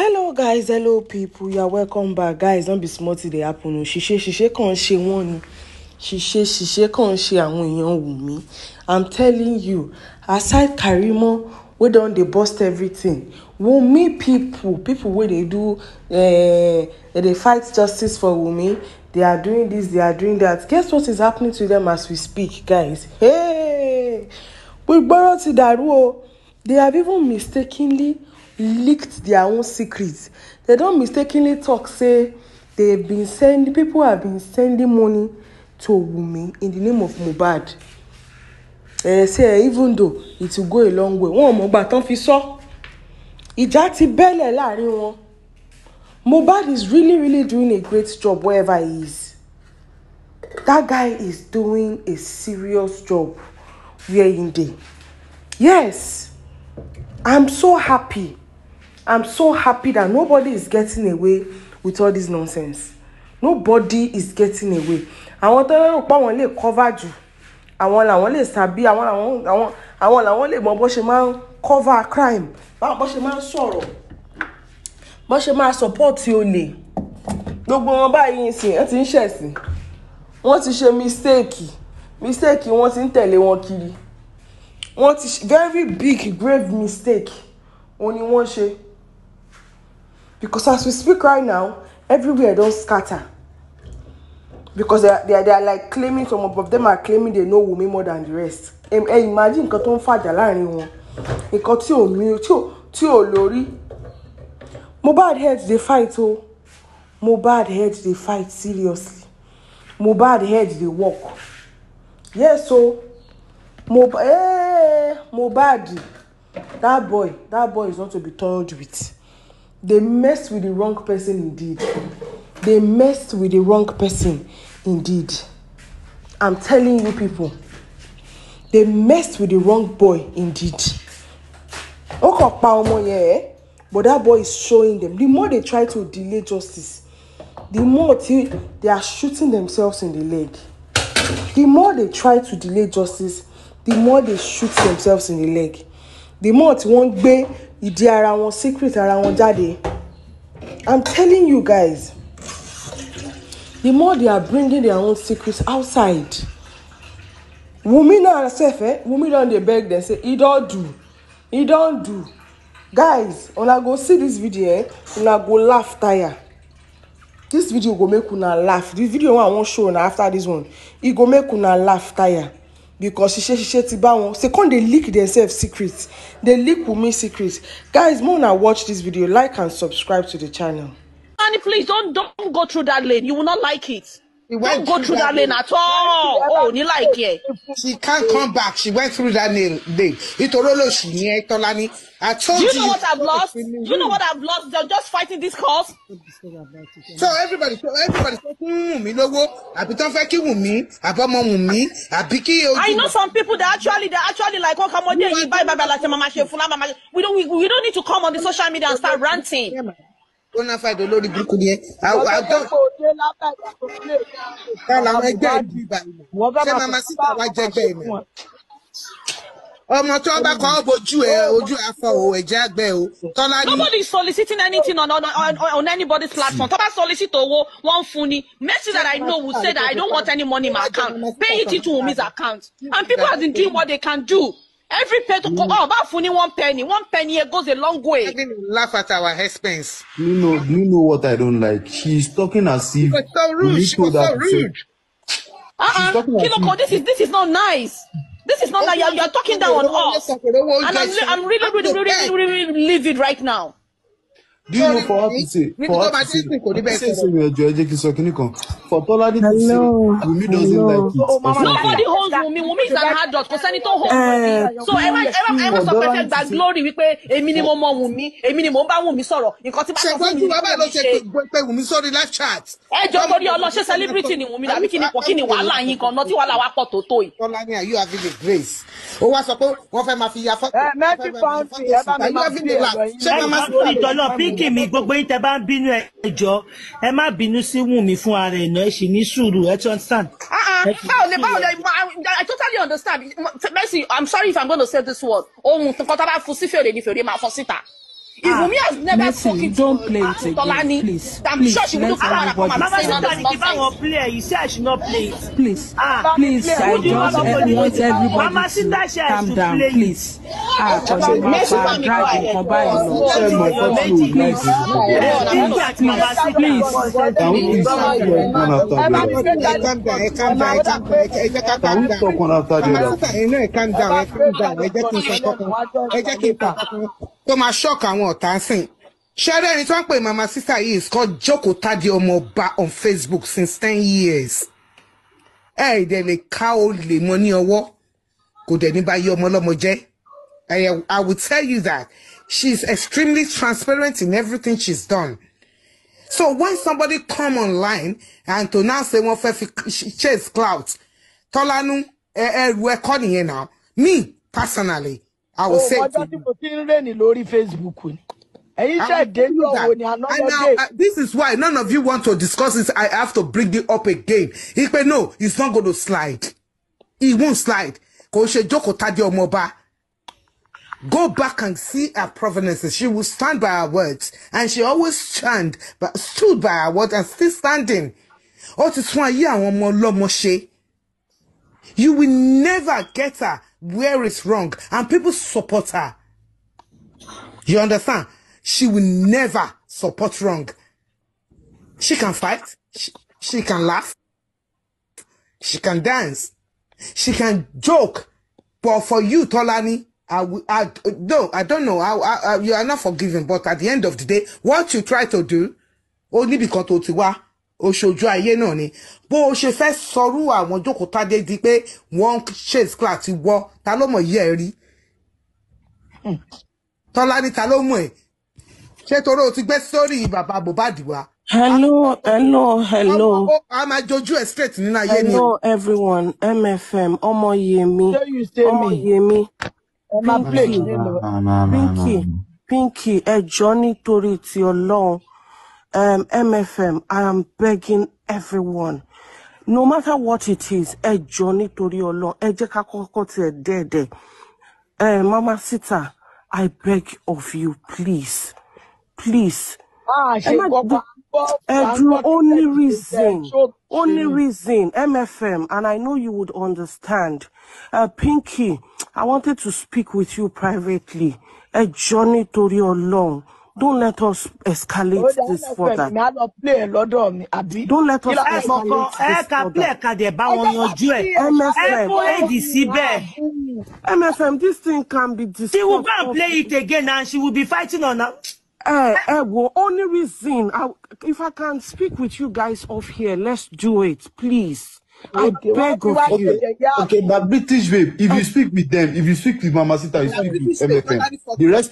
hello guys hello people you are welcome back guys don't be small till dey happen o oh, ṣìṣe ṣìṣe kàn ṣe wọ́n ni ṣìṣe ṣìṣe kàn ṣe àwọn èèyàn wù mí i'm telling you aside Karimo wey don dey burst everything Wunmi people people wey dey do uh, dey dey fight justice for Wunmi they are doing this they are doing that guess what is happening to them as we speak guys hey we gbígbọ́rọ̀ ti dàrú o they have even mistakenly leaked their own secrets they don mistakenly talk. say they been send people have been sending money to wunmi in the name of mohbad ẹ ṣe even though it will go a long way One ò mọ̀gbà tán fi sọ ìjà ti bẹ́lẹ̀ láàrin wọn mohbad is really really doing a great job wherever he is that guy is doing a serious job where he dey yes i'm so happy I'm so happy that nobody is getting away with all this nonsense. Nobody is getting away. Àwọn tó ń rò pé àwọn lè cover jù. Àwọn làwọn lè sàbí àwọn làwọn àwọn àwọn làwọn lè mọ bó ṣe máa ń cover crime. Báwo bó ṣe máa ń sọ̀rọ̀. Bó ṣe máa support olè. Gbogbo wọn báyìí ń sìn ẹ́ ti ń ṣẹ̀sìn. Wọ́n ti ṣe mistake. Mistake wọ́n ti ń tẹ̀lé wọn kiri. Wọ́n ti very big grave mistake. Òun ni wọ́n ṣe because as we speak right now everywhere don scatter because they are, they are, they are like claiming some of them are claiming they know Wunmi more than the rest ẹ ẹ imagine nǹkan tó ń fàjà láàrin wọn nǹkan tí ò mí tí ò tí ò lórí Mohbad head dey fight o Mohbad head dey fight seriously Mohbad head dey work yes o Mohbad hey, eh, Mohbad that boy that boy is not to be told with they messed with the wrong person indeed they messed with the wrong person indeed i'm telling you people they messed with the wrong boy indeed ó kàn pa ọmọ eh? but that boy is showing them the more they try to delay justice the more they are shooting themselves in the leg the more they try to delay justice the more they shoot themselves in the leg the more tí won't be ìdí ara wọn secret ara wọn jáde i'm telling you guys the more they are bringing their own secrets outside wunmi na herself eh wunmi don dey beg dem say e don do e don do guys una go see this video eh una go laugh tire this video go make una laugh the video wey i wan show una after this one e go make una laugh tire because she ṣiṣẹ́ she bá wọn say come dey leak themselves secrets, they leak wunmi secrets. guys more una watch this video like and subscribe to the channel. honey please don't don't go through that lane you will not like it. She went Don't go through that lane, lane at all. Oh, you like it? She can't come back. She went through that lane. Ìtòrò ló ṣì ní ẹ Tọ́lání. I told you. Do you know what I've lost? Do you know what I've lost? They're just fighting this cause. So everybody, so everybody sọ fún Wùnmí lówó, àbí tán fẹ́ kí Wùnmí, àbọ̀mọ Wùnmí, àbí kí ojú. I know some people that actually, they actually like, Oh okay, ọmọdé you buy, buy, buy like máa ṣe fúnra, máa ṣe. We don't, we, we don't need to come on the social media and start ranting bonafide olórí burúkú ni ẹ. bẹ́ẹ̀ làwọn ẹgbẹ́ ìlú ibà ṣé màmá síta wá jẹgbẹ́ ẹ̀ náà. ọmọ tó bá kọ́ ọ́ bojú ẹ ojú afọ o ẹ̀jẹ̀ àgbẹ̀ o tọ́lá ni. nobody is soliciting anything on, on, on, anybody's platform tó bá solicit owó wọ́n fún ni message that I know will say that I don't want any money in my account pay it into Wumi's account and people have been doing what they can do every pay to call ọba mm. oh, fún one penny one penny here goes a long way. having laugh at our expense. you know you know what i don't like she talking as if she was so rude she was so rude. Uh-uh. Kinoko, this is this is not nice. This is not like you're, you're talking down on us. And I'm, I'm really, really, really, really, really livid right now do you know for what to say for what to say say say your ẹjọ ẹjẹ kí n sọ kínní kan for Tolani to say Wunmi doesn't like it or oh, something. nobody holds Wunmi Wunmi is an adult kò sẹ́ni tó hold Wunmi eh, so ẹ má ẹ má ẹ má sọ pé fẹ́ gba glory wípé èmi ni mo mọ Wunmi èmi ni mo ń bá Wunmi sọ̀rọ̀ nǹkan tí bá sọ fún mi ni mo ṣe. pé Wunmi sọ̀rọ̀ live chat. ẹ jọ torí ọlọ́ṣẹ́ celebrity ni Wunmi àbí kí ni kò kí ni wàhálà yín gan-an tí wàhálà wa pọ̀ tó tó yìí. Tolani are you having a grace? ó wá sọ pé wọ́n fẹ́ máa fi ya fọ́tò. Eh, ẹ mẹ́tì pọ́ǹsì ẹ bá mi máa fi Wùnkìmí gbogbo yín tẹ bá ń bínú ẹ ẹ má bínú sí Wùnmí fún ara ẹ̀ ẹ sì ní sùúrù ẹ ti understand. Ah, ah, báwo lè báwo lè I totally understand Mercy I'm sorry if I'm gonna say this word ohun nǹkan tó bá fún sí fèrè ni fèrè máa fọ́ síta. Ìwùmí has never Mercy, spoken to Tolani. Please, I'm please, sure she will look around and come and say all this nonsense. Mama play. You say I should not play. Please, ah, please, please I just uh, want everybody Mama to calm down, play. please. Ah, Ọ̀sẹ̀ bàbá Dráàdì kan báyìí lọ. Ṣé mo fọ́ sí ìlú ìlú? Please, please. please, please. Can we talk one after the other? Can we talk one after the other? Ẹ jẹ́ kí n sọ kọ́kọ́. Ẹ jẹ́ kí n sọ kọ́kọ́ tó máa ṣọ́ọ̀kì àwọn ọ̀tá sìn ṣẹ́rẹ́ ẹni tó ń pè mama sister yìí is called Joko Tade ọmọ ọba on Facebook since ten years ẹ̀ ìdẹ̀ lè ká ó lè mọ ní ọwọ́ kò dẹ̀ ní bá yí ọmọ ọlọ́mọ jẹ́ I will tell you that she is extremely transparent in everything she's done so when somebody come online and to now say wọ́n fẹ́ fi chase clout tọ́lánú ẹ̀rù ẹ̀kọ́ nìyẹn náà me personally I will say to you. Facebook ni. Now, uh, this is why none of you want to discuss this. I have to bring it up again. Ipe, no, it's not going to slide. It won't slide. Go back and see her provenances. She will stand by her words, and she always stand, but stood by her words and still standing. You will never get her where it's wrong and people support her. You understand? She will never support wrong. She can fight. She, she can laugh. She can dance. She can joke. But for you, Tolani, I, I, no, I don't know. I, I, you are not forgiven. But at the end of the day, what you try to do, only because Otiwa oṣoojú ayé náà ni bó o ṣe fẹ́ sọrú àwọn jókòó tádé di pé wọ́n ṣèṣ kílà ti wọ́ ta ló mọ̀ yí ẹ̀ rí hmm. tọ́lá ní ta ló mọ̀ ẹ̀ ṣé torí o ti gbé sórí bàbá Mohbad wá. hello hello hello. a máa jojú ẹ straight nínú ayé ni. hello everyone MFM ọmọ yèmí ọmọ yèmí pinky pinky pinky ẹjọ nítorí ti Ọlọ́run um, MFM, I am begging everyone. No matter what it is, a jọ nítorí Ọlọ́run, ẹ jẹ́ ká kọ́kọ́ eh, Mama Sita, I beg of you, please, please. Ẹ má gbọ́ ẹ only reason only reason MFM and I know you would understand. Uh, Pinky, I wanted to speak with you privately. Ẹ jọ nítorí Ọlọ́run don't let us escalate this further. don't let us escalate this further. mfm this thing can be discussed. she will go and play it again and she will be fighting on her. Uh, uh, well, only reason, I, if I can speak with you guys off here, let's do it, please. I beg of okay. you. Okay, but British babe, if you um, speak with them, if you speak with Mama Sita, you speak with MFM. The rest.